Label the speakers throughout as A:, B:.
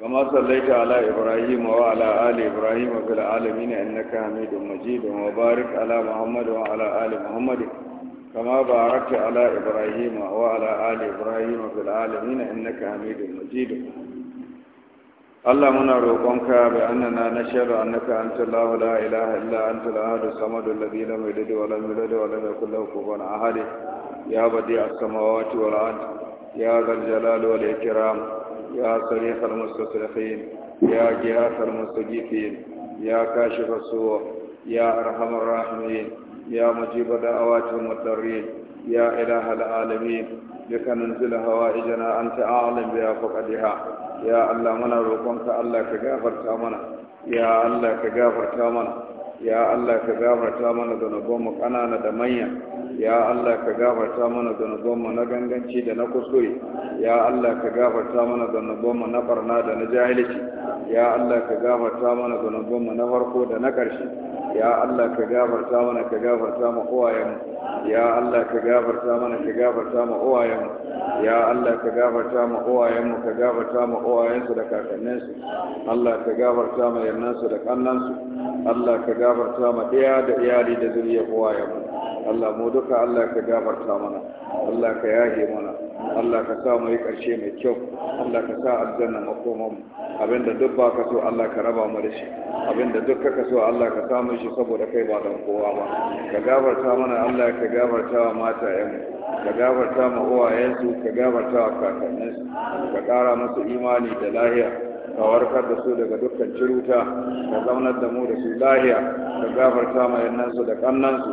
A: كما صليت على إبراهيم وعلى آل إبراهيم في العالمين إنك حميد مجيد وبارك على محمد وعلى آل محمد كما باركت على إبراهيم وعلى آل إبراهيم في العالمين إنك حميد مجيد اللهم منا روقنك بأننا نشهد أنك أنت الله لا إله إلا أنت الأحد الصمد الذي لم يلد ولم يولد ولم يكن له كفوا أحد يا بديع السماوات والأرض يا ذا الجلال والإكرام يا صريح المستصرخين يا جهات المستجيبين يا كاشف السوء يا أرحم الراحمين يا مجيب دعوات المضطرين يا إله العالمين بك ننزل هوائجنا أنت أعلم بها فقدها يا الله منا روكمك الله كغافر تامنا يا الله كغافر تامنا ya Allah ka gafarta mana zunubanmu ƙanana da manya ya Allah ka gafarta mana zanubanmu na ganganci da na kuskure ya Allah ka gafarta mana zanubanmu na barna da na jahilci ya Allah ka gafarta mana zanubanmu na farko da na ƙarshe ya Allah ka gafarta mana ka gafarta mu uwayenmu ya Allah ka gafarta mana ka gafarta mu uwayenmu ya Allah ka gafarta mu uwayenmu ka gafarta mu uwayensu da kakanninsu Allah ka gafarta mu yannansu da kannansu Allah ka gafarta ma ɗaya da iyali da zuriya kowa ya mu Allah mu duka Allah ka gafarta mana Allah ka yage mana Allah ka sa mu yi ƙarshe mai kyau Allah ka sa aljanna makoman mu abinda duk ba ka so Allah ka raba mu da shi abinda duk ka so Allah ka samu shi saboda kai ba dan kowa ba ka gafarta mana Allah ka gafarta wa mata ya mu ka gafarta ma uwayensu ka gafarta wa kakanninsu ka ƙara musu imani da lahiya ka warkar da su daga dukkan ciruta ka zaunar da mu da su lahiya ka gafarta ma yannansu da kannansu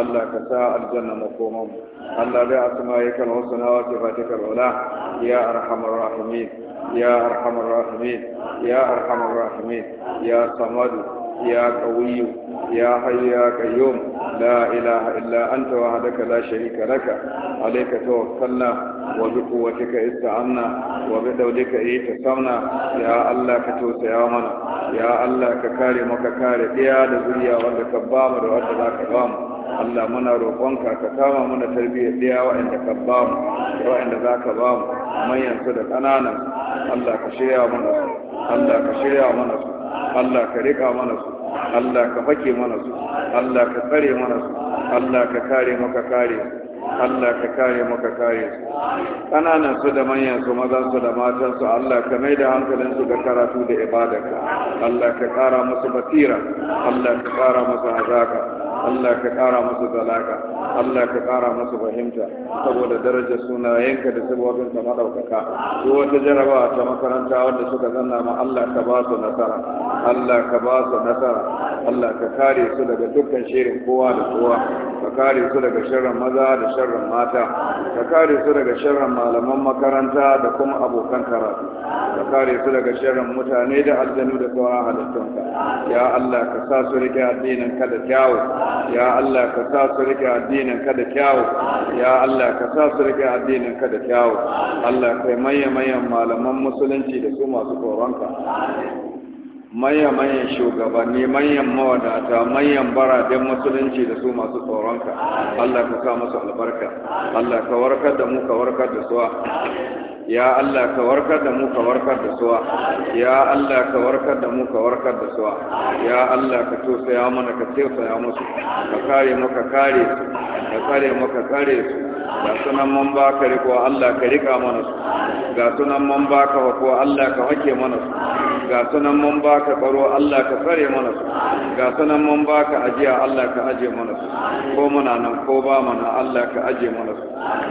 A: Allah ka sa aljanna makoman Allah bai asma'ikal husna wa sifatikal ula ya arhamar rahimin ya arhamar rahimin ya arhamar rahimin ya samadu يا قوي يا حي يا قيوم لا إله إلا أنت وحدك لا شريك لك عليك توكلنا bi وبقوتك استعنا وبدولك اتصمنا يا الله كتوسع منا يا الله ككارم وككارم يا ذريا وكبام وكبام كبام Allah muna roƙonka ka kama mana tarbiyyar ɗaya waɗanda ka ba mu waɗanda za ka ba mu manyan su da ƙanana, Allah ka shirya mana su Allah ka shirya mana su Allah ka riƙa mana su Allah ka fake mana su Allah ka tsare mana su Allah ka kare maka kare su Allah ka kare maka ka kare su su da manyan su mazan su da matan su Allah ka mai da hankalin su ga karatu da ibadarka Allah ka kara musu basira Allah ka kara musu hazaka Allah ka kara musu zalaka Allah ka kara musu fahimta saboda darajar yanka da sabobin ka madaukaka duk wata jarabawa ta makaranta wanda suka zanna ma Allah ka ba su nasara Allah ka ba su nasara Allah ka kare su daga dukkan shirin kowa da kowa ka kare su daga sharrin maza da sharrin mata ka kare su daga sharrin malaman makaranta da kuma abokan karatu ka kare su daga sharrin mutane da aljanu da kowa sauran halittunka ya Allah ka sa su rike addinin ka da kyawu ya Allah ka sa su rike addinin ka da kyawu ya Allah ka sa su rike addinin ka da kyawu Allah kai manya manyan malaman musulunci da su masu tsoronka manyan manyan shugabanni manyan mawadata manyan baraden musulunci da su masu tsoronka Allah ka sa musu albarka Allah ka warkar da mu ka warkar da suwa ya Allah ka warkar da mu ka warkar da suwa ya Allah ka warkar da mu ka warkar da suwa ya Allah ka tausaya mana ka tausaya musu ka kare mu ka kare su ka kare mu ka kare su ga sunan man baka riko Allah ka rika mana su ga sunan man wa ko Allah ka wake mana su ga sunan mun ba ka tsaro Allah ka tsare mana su ga sunan mun ba ka ajiya Allah ka aje mana su ko muna nan ko ba mana Allah ka aje mana su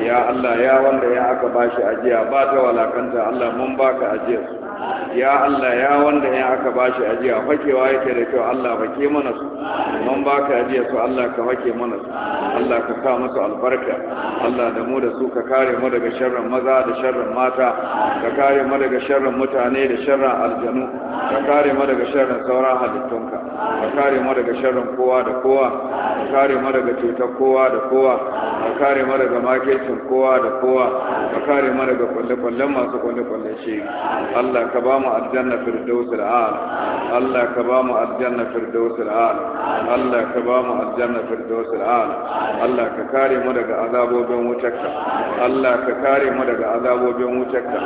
A: ya Allah ya wanda ya aka bashi ajiya ba ta walakanta Allah mun baka ajiyar su ya Allah ya wanda in aka bashi ajiya fakewa yake da kyau Allah fake mana su man baka ajiya su Allah ka fake mana su Allah ka sa musu albarka Allah da mu da su ka kare mu daga sharrin maza da sharrin mata ka kare mu daga sharrin mutane da sharrin aljanu ka kare mu daga sharrin sauran halittunka ka kare mu daga sharrin kowa da kowa ka kare mu daga cutar kowa da kowa ka kare mu daga makircin kowa da kowa ka kare mu daga kwalle-kwallen masu kwalle-kwallen shi Allah ka ba mu aljanna firdausul al Allah ka ba mu aljanna firdausul al Allah ka ba mu aljanna firdausul al Allah ka kare mu daga azabobin wutarka Allah ka kare mu daga azabobin wutarka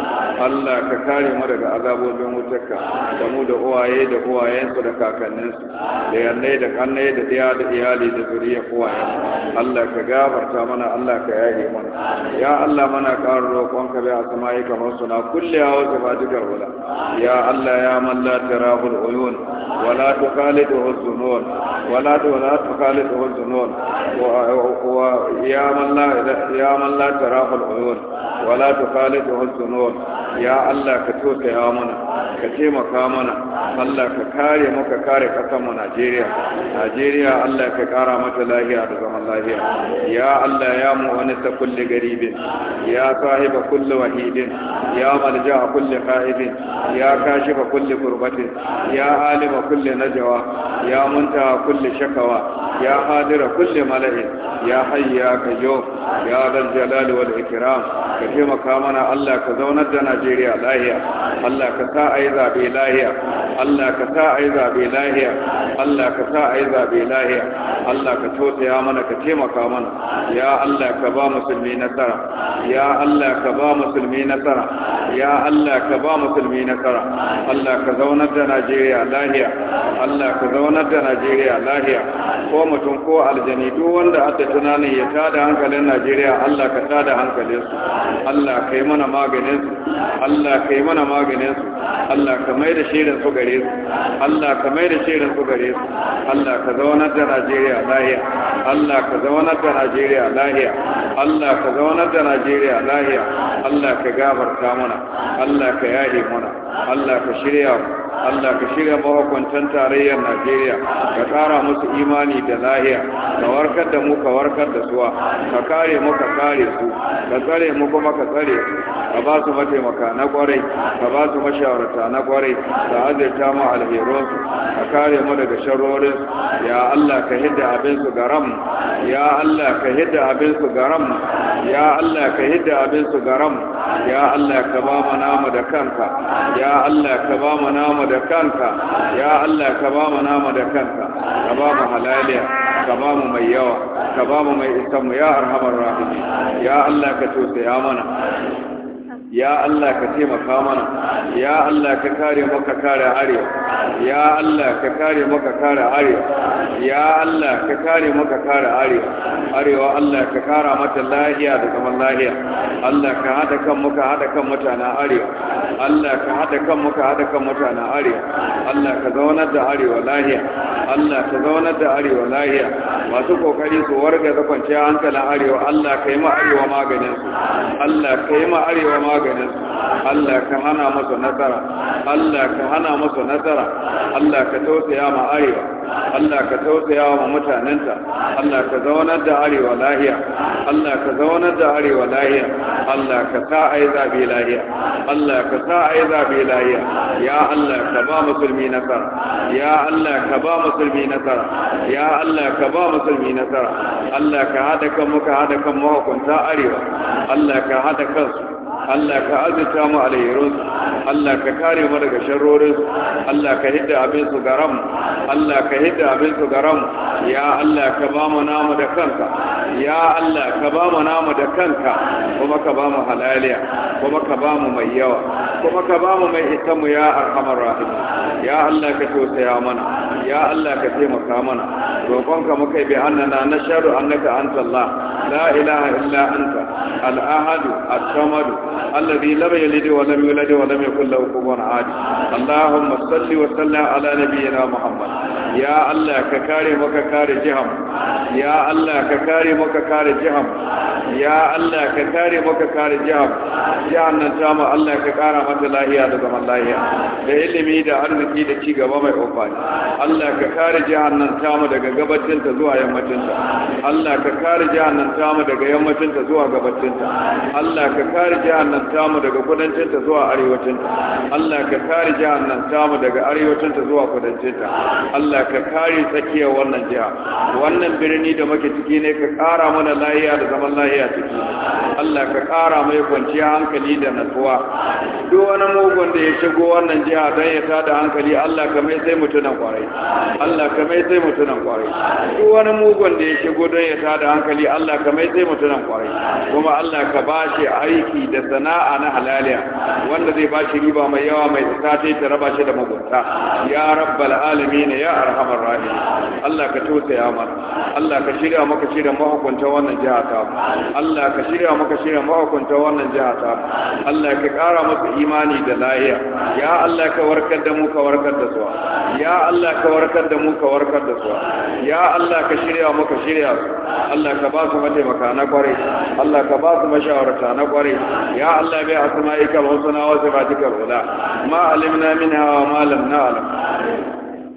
A: Allah ka kare mu daga azabobin wutarka da mu da uwaye da uwayensu da kakanninsu da yannai da kannai da iya da iyali da zuriya uwaye Allah ka gafarta mana Allah ka yaye mana ya Allah mana ƙara roƙonka bai asma'i kamar suna kulliya wa sifatikal ula يا الله يا من لا تراه العيون ولا تخالده الظنون ولا ولا تخالده الظنون ويا من لا يا من لا تراه العيون ولا تخالده الظنون يا الله كتوت يا منا ka taimaka mana Allah ka kare maka kare ƙasar mu Najeriya Najeriya Allah ka kara mata lafiya da zaman lafiya ya Allah ya mu'anisa kulli garibin ya sahiba kulli wahidin ya malja kulli qa'idin ya kashifa kulli kurbatin ya alima kulli najawa ya munta kulli shakawa يا حاضر كل ملئ يا حي يا قيوم يا ذا الجلال والإكرام كتيما كامنا الله كزونت نيجيريا لاهيا الله كسا أي ذا بلاهيا Allah ka sa a yi zaɓe lahiya Allah ka sa a yi zaɓe lahiya Allah ka tausaya mana ka taimaka mana ya Allah ka ba musulmi nasara ya Allah ka ba musulmi nasara ya Allah ka ba musulmi nasara Allah ka zaunar da Najeriya lahiya Allah ka zaunar da Najeriya lahiya ko mutum ko aljani duk wanda aka tunanin ya tada hankalin Najeriya Allah ka tada hankalinsu Allah ka yi mana maganinsu Allah ka yi mana maganinsu Allah ka mai da shirin su gari gare su Allah ka mai da shirin su gare su Allah ka zaunar da Najeriya lahiya Allah ka zaunar da Najeriya lahiya Allah ka zaunar da Najeriya lahiya Allah ka gafarta mana Allah ka yahi mana Allah ka shirya mu Allah ka shirya mahukuntan tarayyar Najeriya ka tsara musu imani da lahiya ka warkar da mu ka warkar da suwa ka kare mu ka kare su ka tsare mu kuma ka tsare su ka ba su mataimaka na kwarai ka ba su mashawarta na kwarai ka azirta mu alheron su ka kare mu daga sharorin ya Allah ka hidda abin su garam ya Allah ka hidda abin su garam ya Allah ka hidda abin su garam ya Allah ka ba mu namu da kanka ya Allah ka ba mu namu da kanka ya Allah ka ba mu nama da kanka ka ba mu halaliya ka ba mu mai yawa ka ba mu mai isan mu ya arhamar rahimin ya Allah ka tausaya mana ya Allah ka taimaka mana ya Allah ka kare maka kare arewa ya Allah ka kare maka kare arewa ya Allah ka kare maka kare arewa arewa Allah ka kara mata lahiya da zaman lahiya Allah ka hada kan muka hada kan mutanen arewa Allah ka hada kan muka hada kan mutanen arewa Allah ka zaunar da arewa lahiya Allah ka zaunar da arewa lahiya masu kokari su warga da kwanciyar hankalin arewa Allah ka yi ma arewa maganin Allah ka yi ma arewa maganin Allah ka hana masa nasara Allah ka hana masa nasara Allah ka tausaya ma arewa Allah ka tausaya wa mutanenta Allah ka zaunar da arewa lahiya Allah ka zaunar da arewa lahiya Allah ka sa ai zabe lahiya Allah ka sa ai zabe lahiya ya Allah ka ba musulmi nasara ya Allah ka ba musulmi nasara ya Allah ka ba musulmi nasara Allah ka haɗa kan muka haɗa kan mahukunta arewa Allah ka haɗa kansu Allah ka azurta mu alherinsu Allah ka kare mu daga sharrorinsu Allah ka hidda abin su garam Allah ka hidda abin su garam ya Allah ka ba mu namu da kanka ya Allah ka ba mu namu da kanka kuma ka ba mu halaliya kuma ka ba mu mai yawa kuma ka ba mu mai isamu ya arhamar rahim ya Allah ka tausaya mana ya Allah ka taimaka mana roƙonka muka bi annana nashhadu annaka antallah la ilaha illa anta al’ahadu a samadu allabi laba ya lide wani wani mai kula hukumar hadi allahun masalli wasallin ala nabi yana muhammad ya allah ka kare maka kare jiham ya Allah ka kare maka kare jiham ya Allah ka kare maka kare jiham jihar nan ta mu Allah ka kara mata lahiya da zaman lahiya da ilimi da arziki da ci gaba mai amfani Allah ka kare jihar nan ta mu daga gabacin zuwa yammacin Allah ka kare jihar nan ta mu daga yammacin zuwa gabacin Allah ka kare jihar nan ta mu daga kudancin zuwa arewacin Allah ka kare jihar nan ta mu daga arewacin zuwa kudancin Allah ka kare tsakiyar wannan jiha wannan birnin birni da muke ciki ne ka ƙara mana lahiya da zaman lahiya ciki Allah ka ƙara mai kwanciya hankali da natsuwa duk wani mugun da ya shigo wannan jiha don ya tada hankali Allah ka mai sai mutunan kwarai Allah ka mai sai mutunan kwarai duk wani mugun da ya shigo don ya tada hankali Allah ka mai sai mutunan kwarai kuma Allah ka ba shi aiki da sana'a na halaliya wanda zai ba shi riba mai yawa mai tsata ta raba shi da mugunta ya rabbal alamin ya arhamar rahim Allah ka tausaya mana Allah ka shirya maka shirya mahukunta wannan jiha ta Allah ka shirya maka shirya mahukunta wannan jiha ta Allah ka kara masa imani da lahiya ya Allah ka warkar da mu ka warkar da su ya Allah ka warkar da mu ka warkar da su ya Allah ka shirya maka shirya Allah ka ba su mataimaka na kware Allah ka ba su mashawarta na kware ya Allah bai asma'ika wa husna wa sifatika ula ma alimna minha wa ma lam na'lam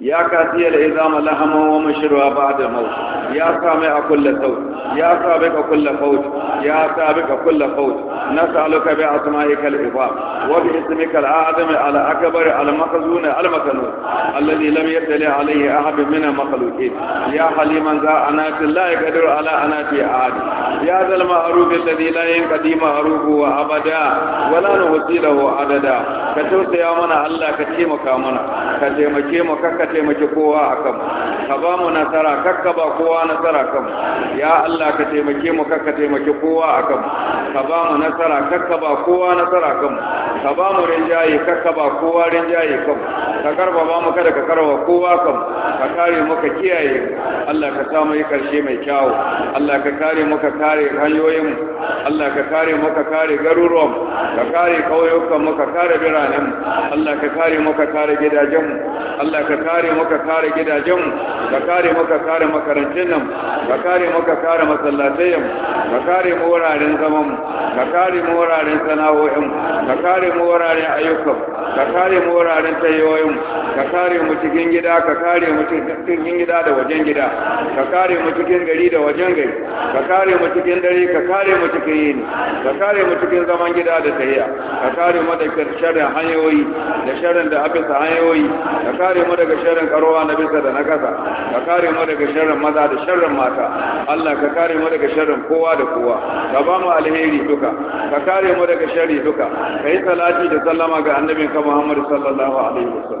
A: ya kasiya da izama lahaman wa mashirwa ba da maut ya sami a kulle saut ya sabi ka kulle faut ya sabi ka kulle faut na salo ka bi asma'ika al-ifa wa bi ismika al-azam al-akbar al-makhzun al-makanun alladhi lam yadli alayhi ahad min al-makhluqin ya haliman za anati la yaqdiru ala anati ahad ya zal ma'ruf alladhi la yanqadi ma'rufu wa abada wa la nuhsi lahu adada ka tausaya mana Allah ka taimaka mana ka taimake mu ka taimaki kowa a kan ka ba mu nasara kakka ba kowa nasara kan ya Allah ka taimake mu kakka taimaki kowa a kan ka ba mu nasara kakka ba kowa nasara kan ka ba mu rinjaye kakka ba kowa rinjaye kan ka karfafa maka da ka karfafa kowa kan ka kare maka kiyaye Allah ka sa mu yi karshe mai kyawu Allah ka kare maka kare hanyoyin mu Allah ka kare maka kare garuruwan ka kare kauyukan mu ka kare biranen mu Allah ka kare maka kare gidajen mu Allah ka kare maka kare gidajen mu ka kare maka kare makarantun nan ka kare maka kare masallatai mu ka kare mu wuraren zaman mu ka kare mu wuraren sana'o'in mu ka kare mu wuraren ayyukan ka kare mu wuraren tayoyin mu ka kare mu cikin gida ka kare mu cikin gida da wajen gida ka kare mu cikin gari da wajen gari ka kare mu cikin dare ka kare mu cikin yini ka kare mu cikin zaman gida da tahiya ka kare mu daga sharrin hanyoyi da sharrin da abisa hanyoyi ka kare mu daga sharrin karowa na bisa da na kasa ka kare mu daga sharrin maza da sharrin mata Allah ka kare mu daga sharrin kowa da kowa ka ba mu alheri duka ka kare mu daga sharri duka kai salati da sallama ga annabinka Muhammad sallallahu alaihi wasallam